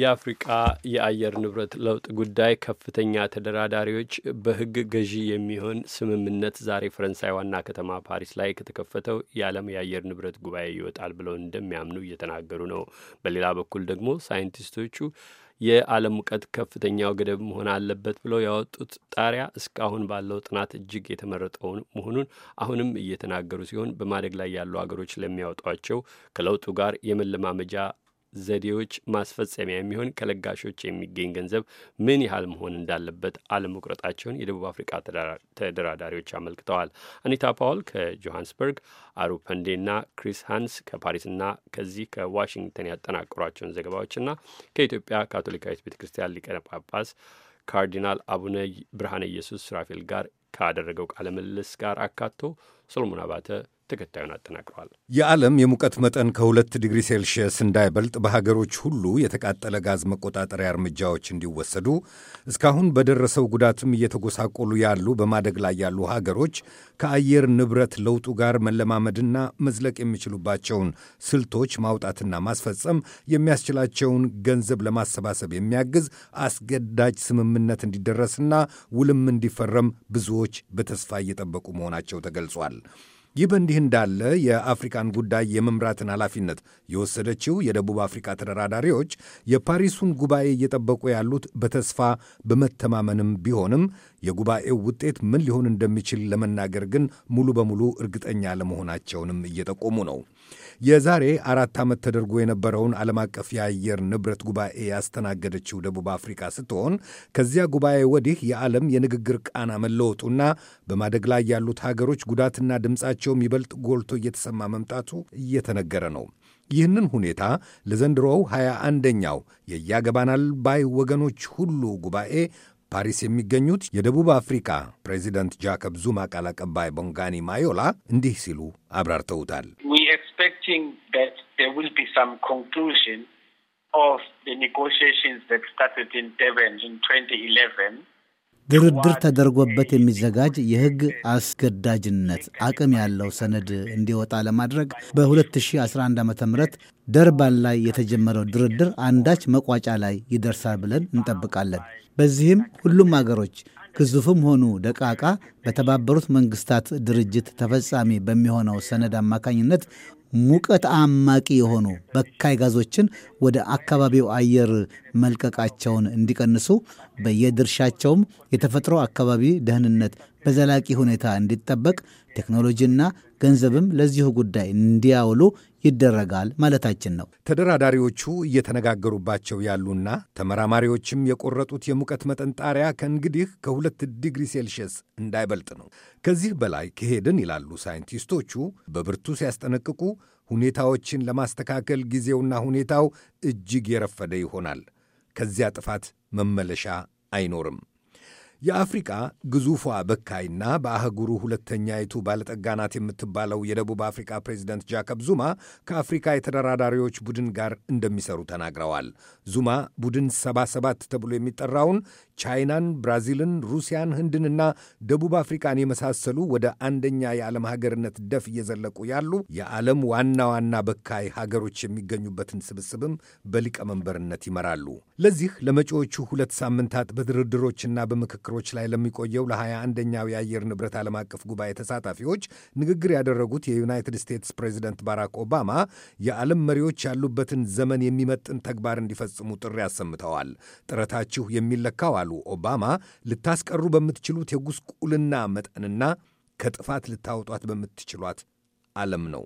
የአፍሪቃ የአየር ንብረት ለውጥ ጉዳይ ከፍተኛ ተደራዳሪዎች በሕግ ገዢ የሚሆን ስምምነት ዛሬ ፈረንሳይ ዋና ከተማ ፓሪስ ላይ ከተከፈተው የዓለም የአየር ንብረት ጉባኤ ይወጣል ብለው እንደሚያምኑ እየተናገሩ ነው። በሌላ በኩል ደግሞ ሳይንቲስቶቹ የዓለም ሙቀት ከፍተኛው ገደብ መሆን አለበት ብለው ያወጡት ጣሪያ እስካሁን ባለው ጥናት እጅግ የተመረጠውን መሆኑን አሁንም እየተናገሩ ሲሆን በማደግ ላይ ያሉ ሀገሮች ለሚያወጧቸው ከለውጡ ጋር የመለማመጃ ዘዴዎች ማስፈጸሚያ የሚሆን ከለጋሾች የሚገኝ ገንዘብ ምን ያህል መሆን እንዳለበት አለመቁረጣቸውን የደቡብ አፍሪካ ተደራዳሪዎች አመልክተዋል። አኒታ ፓውል ከጆሃንስበርግ፣ አሩ ፐንዴና ክሪስ ሃንስ ከፓሪስና ከዚህ ከዋሽንግተን ያጠናቀሯቸውን ዘገባዎችና ከኢትዮጵያ ካቶሊካዊት ቤተ ክርስቲያን ሊቀነ ጳጳስ ካርዲናል አቡነ ብርሃነ ኢየሱስ ስራፌል ጋር ካደረገው ቃለ ምልልስ ጋር አካቶ ሰሎሞን አባተ ተከታዩን አጠናቅሯል። የዓለም የሙቀት መጠን ከሁለት ዲግሪ ሴልሽየስ እንዳይበልጥ በሀገሮች ሁሉ የተቃጠለ ጋዝ መቆጣጠሪያ እርምጃዎች እንዲወሰዱ እስካሁን በደረሰው ጉዳትም እየተጎሳቆሉ ያሉ በማደግ ላይ ያሉ ሀገሮች ከአየር ንብረት ለውጡ ጋር መለማመድና መዝለቅ የሚችሉባቸውን ስልቶች ማውጣትና ማስፈጸም የሚያስችላቸውን ገንዘብ ለማሰባሰብ የሚያግዝ አስገዳጅ ስምምነት እንዲደረስና ውልም እንዲፈረም ብዙዎች በተስፋ እየጠበቁ መሆናቸው ተገልጿል። ይህ በእንዲህ እንዳለ የአፍሪካን ጉዳይ የመምራትን ኃላፊነት የወሰደችው የደቡብ አፍሪካ ተደራዳሪዎች የፓሪሱን ጉባኤ እየጠበቁ ያሉት በተስፋ በመተማመንም ቢሆንም የጉባኤው ውጤት ምን ሊሆን እንደሚችል ለመናገር ግን ሙሉ በሙሉ እርግጠኛ ለመሆናቸውንም እየጠቆሙ ነው። የዛሬ አራት ዓመት ተደርጎ የነበረውን ዓለም አቀፍ የአየር ንብረት ጉባኤ ያስተናገደችው ደቡብ አፍሪካ ስትሆን ከዚያ ጉባኤ ወዲህ የዓለም የንግግር ቃና መለወጡና በማደግ ላይ ያሉት ሀገሮች ጉዳትና ድምፃቸውም ይበልጥ ጎልቶ እየተሰማ መምጣቱ እየተነገረ ነው። ይህንን ሁኔታ ለዘንድሮው ሃያ አንደኛው የያገባናል ባይ ወገኖች ሁሉ ጉባኤ ፓሪስ የሚገኙት የደቡብ አፍሪካ ፕሬዚደንት ጃከብ ዙማ ቃል አቀባይ ቦንጋኒ ማዮላ እንዲህ ሲሉ አብራርተውታል። ኦፍ ኔጎሽዬሽንስ ዛት ስታርትድ ኢን ደቨን ኢን 2011 ድርድር ተደርጎበት የሚዘጋጅ የሕግ አስገዳጅነት አቅም ያለው ሰነድ እንዲወጣ ለማድረግ በ2011 ዓ ም ደርባን ላይ የተጀመረው ድርድር አንዳች መቋጫ ላይ ይደርሳል ብለን እንጠብቃለን። በዚህም ሁሉም አገሮች ግዙፍም ሆኑ ደቃቃ በተባበሩት መንግስታት ድርጅት ተፈጻሚ በሚሆነው ሰነድ አማካኝነት ሙቀት አማቂ የሆኑ በካይ ጋዞችን ወደ አካባቢው አየር መልቀቃቸውን እንዲቀንሱ በየድርሻቸውም የተፈጥሮ አካባቢ ደህንነት በዘላቂ ሁኔታ እንዲጠበቅ ቴክኖሎጂና ገንዘብም ለዚሁ ጉዳይ እንዲያውሉ ይደረጋል ማለታችን ነው። ተደራዳሪዎቹ እየተነጋገሩባቸው ያሉና ተመራማሪዎችም የቆረጡት የሙቀት መጠን ጣሪያ ከእንግዲህ ከሁለት ዲግሪ ሴልሺየስ እንዳይበልጥ ነው። ከዚህ በላይ ከሄድን ይላሉ ሳይንቲስቶቹ በብርቱ ሲያስጠነቅቁ፣ ሁኔታዎችን ለማስተካከል ጊዜውና ሁኔታው እጅግ የረፈደ ይሆናል። ከዚያ ጥፋት መመለሻ አይኖርም። የአፍሪቃ ግዙፏ በካይና በአህጉሩ ሁለተኛይቱ ባለጠጋ ናት የምትባለው የደቡብ አፍሪካ ፕሬዚደንት ጃከብ ዙማ ከአፍሪካ የተደራዳሪዎች ቡድን ጋር እንደሚሰሩ ተናግረዋል። ዙማ ቡድን 77 ተብሎ የሚጠራውን ቻይናን፣ ብራዚልን፣ ሩሲያን፣ ህንድንና ደቡብ አፍሪካን የመሳሰሉ ወደ አንደኛ የዓለም ሀገርነት ደፍ እየዘለቁ ያሉ የዓለም ዋና ዋና በካይ ሀገሮች የሚገኙበትን ስብስብም በሊቀመንበርነት ይመራሉ። ለዚህ ለመጪዎቹ ሁለት ሳምንታት በድርድሮችና በምክክ መፈክሮች ላይ ለሚቆየው ለ21ኛው የአየር ንብረት ዓለም አቀፍ ጉባኤ ተሳታፊዎች ንግግር ያደረጉት የዩናይትድ ስቴትስ ፕሬዚደንት ባራክ ኦባማ የዓለም መሪዎች ያሉበትን ዘመን የሚመጥን ተግባር እንዲፈጽሙ ጥሪ አሰምተዋል። ጥረታችሁ የሚለካው አሉ ኦባማ፣ ልታስቀሩ በምትችሉት የጉስቁልና መጠንና ከጥፋት ልታወጧት በምትችሏት ዓለም ነው።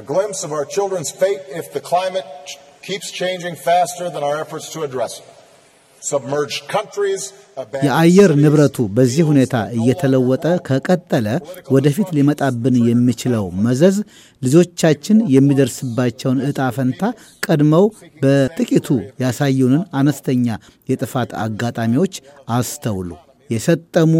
A glimpse of our children's fate የአየር ንብረቱ በዚህ ሁኔታ እየተለወጠ ከቀጠለ ወደፊት ሊመጣብን የሚችለው መዘዝ ልጆቻችን የሚደርስባቸውን እጣ ፈንታ ቀድመው በጥቂቱ ያሳዩንን አነስተኛ የጥፋት አጋጣሚዎች አስተውሉ። የሰጠሙ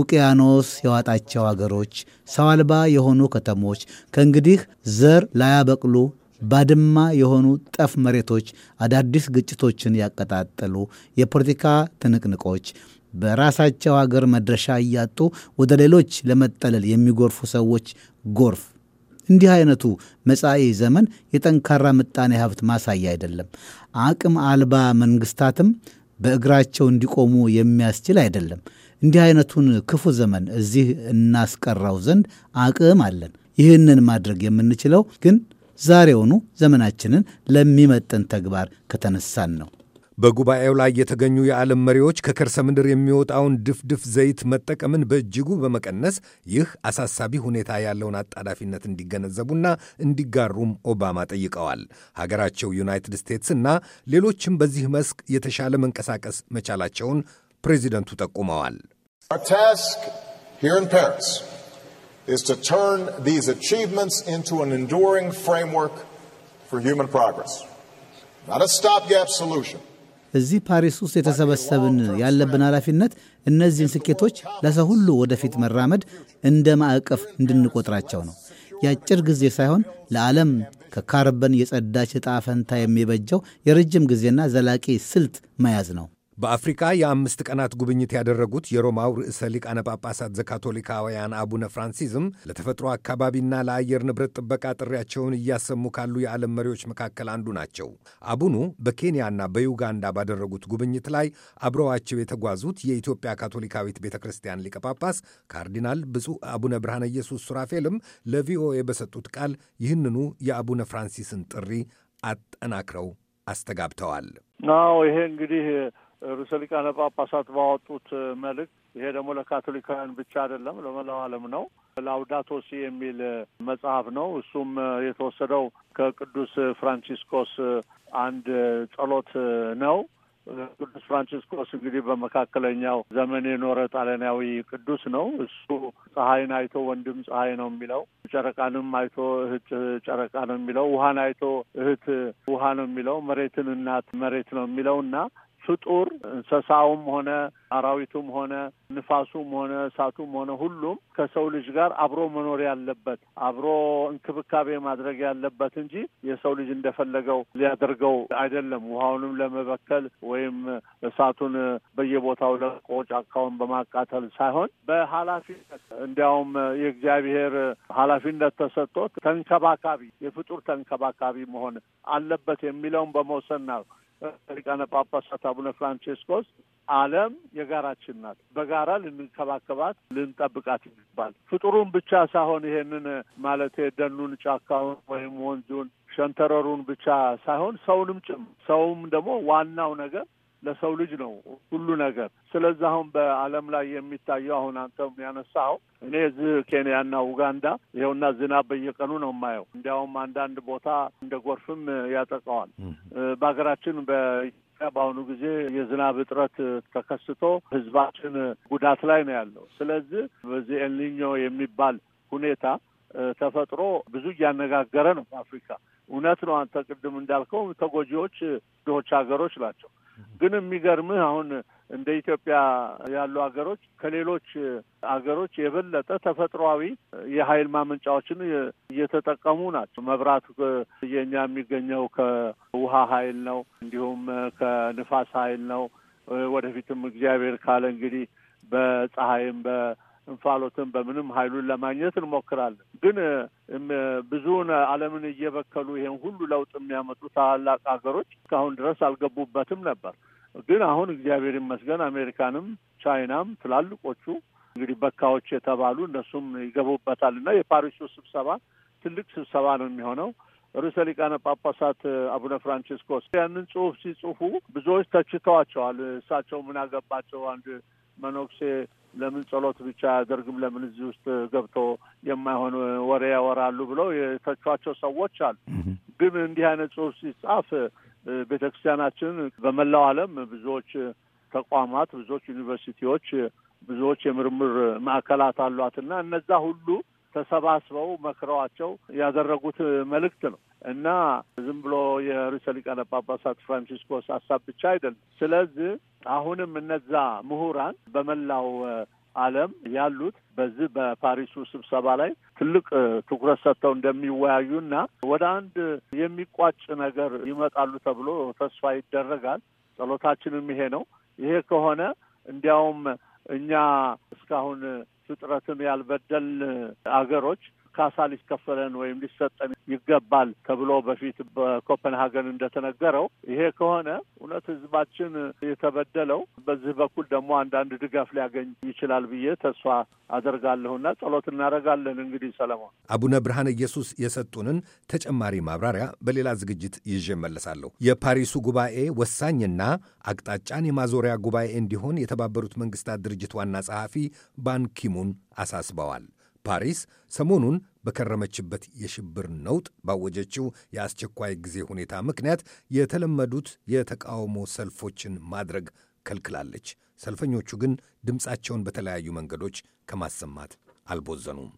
ውቅያኖስ የዋጣቸው አገሮች፣ ሰው አልባ የሆኑ ከተሞች ከእንግዲህ ዘር ላያበቅሉ ባድማ የሆኑ ጠፍ መሬቶች፣ አዳዲስ ግጭቶችን ያቀጣጠሉ የፖለቲካ ትንቅንቆች፣ በራሳቸው አገር መድረሻ እያጡ ወደ ሌሎች ለመጠለል የሚጎርፉ ሰዎች ጎርፍ እንዲህ አይነቱ መጻኢ ዘመን የጠንካራ ምጣኔ ሀብት ማሳያ አይደለም። አቅም አልባ መንግስታትም በእግራቸው እንዲቆሙ የሚያስችል አይደለም። እንዲህ አይነቱን ክፉ ዘመን እዚህ እናስቀራው ዘንድ አቅም አለን። ይህንን ማድረግ የምንችለው ግን ዛሬውኑ ዘመናችንን ለሚመጥን ተግባር ከተነሳን ነው። በጉባኤው ላይ የተገኙ የዓለም መሪዎች ከከርሰ ምድር የሚወጣውን ድፍድፍ ዘይት መጠቀምን በእጅጉ በመቀነስ ይህ አሳሳቢ ሁኔታ ያለውን አጣዳፊነት እንዲገነዘቡና እንዲጋሩም ኦባማ ጠይቀዋል። ሀገራቸው ዩናይትድ እና ሌሎችም በዚህ መስክ የተሻለ መንቀሳቀስ መቻላቸውን ፕሬዚደንቱ ጠቁመዋል። is to turn these achievements into an enduring framework for human progress, not a stopgap solution. እዚህ ፓሪስ ውስጥ የተሰበሰብን ያለብን ኃላፊነት እነዚህን ስኬቶች ለሰው ሁሉ ወደፊት መራመድ እንደ ማዕቀፍ እንድንቆጥራቸው ነው። የአጭር ጊዜ ሳይሆን ለዓለም ከካርበን የጸዳች ዕጣ ፈንታ የሚበጀው የረጅም ጊዜና ዘላቂ ስልት መያዝ ነው። በአፍሪካ የአምስት ቀናት ጉብኝት ያደረጉት የሮማው ርዕሰ ሊቃነ ጳጳሳት ዘካቶሊካውያን አቡነ ፍራንሲዝም ለተፈጥሮ አካባቢና ለአየር ንብረት ጥበቃ ጥሪያቸውን እያሰሙ ካሉ የዓለም መሪዎች መካከል አንዱ ናቸው። አቡኑ በኬንያና በዩጋንዳ ባደረጉት ጉብኝት ላይ አብረዋቸው የተጓዙት የኢትዮጵያ ካቶሊካዊት ቤተ ክርስቲያን ሊቀ ጳጳስ ካርዲናል ብፁዕ አቡነ ብርሃነ ኢየሱስ ሱራፌልም ለቪኦኤ በሰጡት ቃል ይህንኑ የአቡነ ፍራንሲስን ጥሪ አጠናክረው አስተጋብተዋል። ናው ይሄ እንግዲህ ርዕሰ ሊቃነ ጳጳሳት ባወጡት መልእክት ይሄ ደግሞ ለካቶሊካውያን ብቻ አይደለም፣ ለመላው ዓለም ነው። ላውዳቶሲ የሚል መጽሐፍ ነው። እሱም የተወሰደው ከቅዱስ ፍራንቺስኮስ አንድ ጸሎት ነው። ቅዱስ ፍራንቺስኮስ እንግዲህ በመካከለኛው ዘመን የኖረ ጣሊያናዊ ቅዱስ ነው። እሱ ፀሐይን አይቶ ወንድም ፀሐይ ነው የሚለው፣ ጨረቃንም አይቶ እህት ጨረቃ ነው የሚለው፣ ውሃን አይቶ እህት ውሃ ነው የሚለው፣ መሬትን እናት መሬት ነው የሚለው እና ፍጡር እንስሳውም ሆነ አራዊቱም ሆነ ንፋሱም ሆነ እሳቱም ሆነ ሁሉም ከሰው ልጅ ጋር አብሮ መኖር ያለበት አብሮ እንክብካቤ ማድረግ ያለበት እንጂ የሰው ልጅ እንደፈለገው ሊያደርገው አይደለም። ውሃውንም ለመበከል ወይም እሳቱን በየቦታው ለቆ ጫካውን በማቃተል ሳይሆን በኃላፊነት እንዲያውም የእግዚአብሔር ኃላፊነት ተሰጥቶት ተንከባካቢ የፍጡር ተንከባካቢ መሆን አለበት የሚለውን በመውሰን ነው ሊቃነ ጳጳሳት አቡነ ፍራንቼስኮስ ዓለም የጋራችን ናት። በጋራ ልንከባከባት፣ ልንጠብቃት ይገባል። ፍጡሩን ብቻ ሳይሆን ይሄንን ማለት ደኑን፣ ጫካውን ወይም ወንዙን፣ ሸንተረሩን ብቻ ሳይሆን ሰውንም ጭም ሰውም ደግሞ ዋናው ነገር ለሰው ልጅ ነው ሁሉ ነገር። ስለዚህ አሁን በዓለም ላይ የሚታየው አሁን አንተም ያነሳው እኔ እዚህ ኬንያና ኡጋንዳ ይኸውና ዝናብ በየቀኑ ነው የማየው። እንዲያውም አንዳንድ ቦታ እንደ ጎርፍም ያጠቃዋል። በሀገራችን በ በአሁኑ ጊዜ የዝናብ እጥረት ተከስቶ ህዝባችን ጉዳት ላይ ነው ያለው። ስለዚህ በዚህ ኤልኒኞ የሚባል ሁኔታ ተፈጥሮ ብዙ እያነጋገረ ነው። በአፍሪካ እውነት ነው። አንተ ቅድም እንዳልከው ተጎጂዎች ድሆች ሀገሮች ናቸው። ግን የሚገርምህ አሁን እንደ ኢትዮጵያ ያሉ አገሮች ከሌሎች አገሮች የበለጠ ተፈጥሯዊ የኃይል ማመንጫዎችን እየተጠቀሙ ናቸው። መብራት የኛ የሚገኘው ከውሃ ኃይል ነው፣ እንዲሁም ከንፋስ ኃይል ነው። ወደፊትም እግዚአብሔር ካለ እንግዲህ በፀሐይም እንፋሎትን በምንም ኃይሉን ለማግኘት እንሞክራለን። ግን ብዙውን ዓለምን እየበከሉ ይሄን ሁሉ ለውጥ የሚያመጡ ታላላቅ ሀገሮች እስካሁን ድረስ አልገቡበትም ነበር። ግን አሁን እግዚአብሔር ይመስገን አሜሪካንም ቻይናም ትላልቆቹ እንግዲህ በካዎች የተባሉ እነሱም ይገቡበታል እና የፓሪሱ ስብሰባ ትልቅ ስብሰባ ነው የሚሆነው። ርዕሰ ሊቃነ ጳጳሳት አቡነ ፍራንቺስኮስ ያንን ጽሑፍ ሲጽፉ ብዙዎች ተችተዋቸዋል። እሳቸው ምን አገባቸው አንድ መነኩሴ ለምን ጸሎት ብቻ ደርግም ለምን እዚህ ውስጥ ገብቶ የማይሆን ወሬ ያወራሉ ብለው የተቿቸው ሰዎች አሉ። ግን እንዲህ አይነት ጽሁፍ ሲጻፍ ቤተ ክርስቲያናችን በመላው ዓለም ብዙዎች ተቋማት፣ ብዙዎች ዩኒቨርሲቲዎች፣ ብዙዎች የምርምር ማዕከላት አሏትና እነዛ ሁሉ ተሰባስበው መክረዋቸው ያደረጉት መልእክት ነው። እና ዝም ብሎ የርዕሰ ሊቃነ ጳጳሳት ፍራንሲስኮስ ሀሳብ ብቻ አይደለም። ስለዚህ አሁንም እነዛ ምሁራን በመላው ዓለም ያሉት በዚህ በፓሪሱ ስብሰባ ላይ ትልቅ ትኩረት ሰጥተው እንደሚወያዩና ወደ አንድ የሚቋጭ ነገር ይመጣሉ ተብሎ ተስፋ ይደረጋል። ጸሎታችንም ይሄ ነው። ይሄ ከሆነ እንዲያውም እኛ እስካሁን ፍጥረትን ያልበደል አገሮች ካሳ ሊከፈለን ወይም ሊሰጠን ይገባል ተብሎ በፊት በኮፐንሃገን እንደተነገረው ይሄ ከሆነ እውነት ህዝባችን የተበደለው በዚህ በኩል ደግሞ አንዳንድ ድጋፍ ሊያገኝ ይችላል ብዬ ተስፋ አደርጋለሁና ጸሎት እናደርጋለን። እንግዲህ ሰለሞን፣ አቡነ ብርሃነ ኢየሱስ የሰጡንን ተጨማሪ ማብራሪያ በሌላ ዝግጅት ይዤ መለሳለሁ። የፓሪሱ ጉባኤ ወሳኝና አቅጣጫን የማዞሪያ ጉባኤ እንዲሆን የተባበሩት መንግስታት ድርጅት ዋና ጸሐፊ ባንኪሙን አሳስበዋል። ፓሪስ ሰሞኑን በከረመችበት የሽብር ነውጥ ባወጀችው የአስቸኳይ ጊዜ ሁኔታ ምክንያት የተለመዱት የተቃውሞ ሰልፎችን ማድረግ ከልክላለች። ሰልፈኞቹ ግን ድምፃቸውን በተለያዩ መንገዶች ከማሰማት አልቦዘኑም።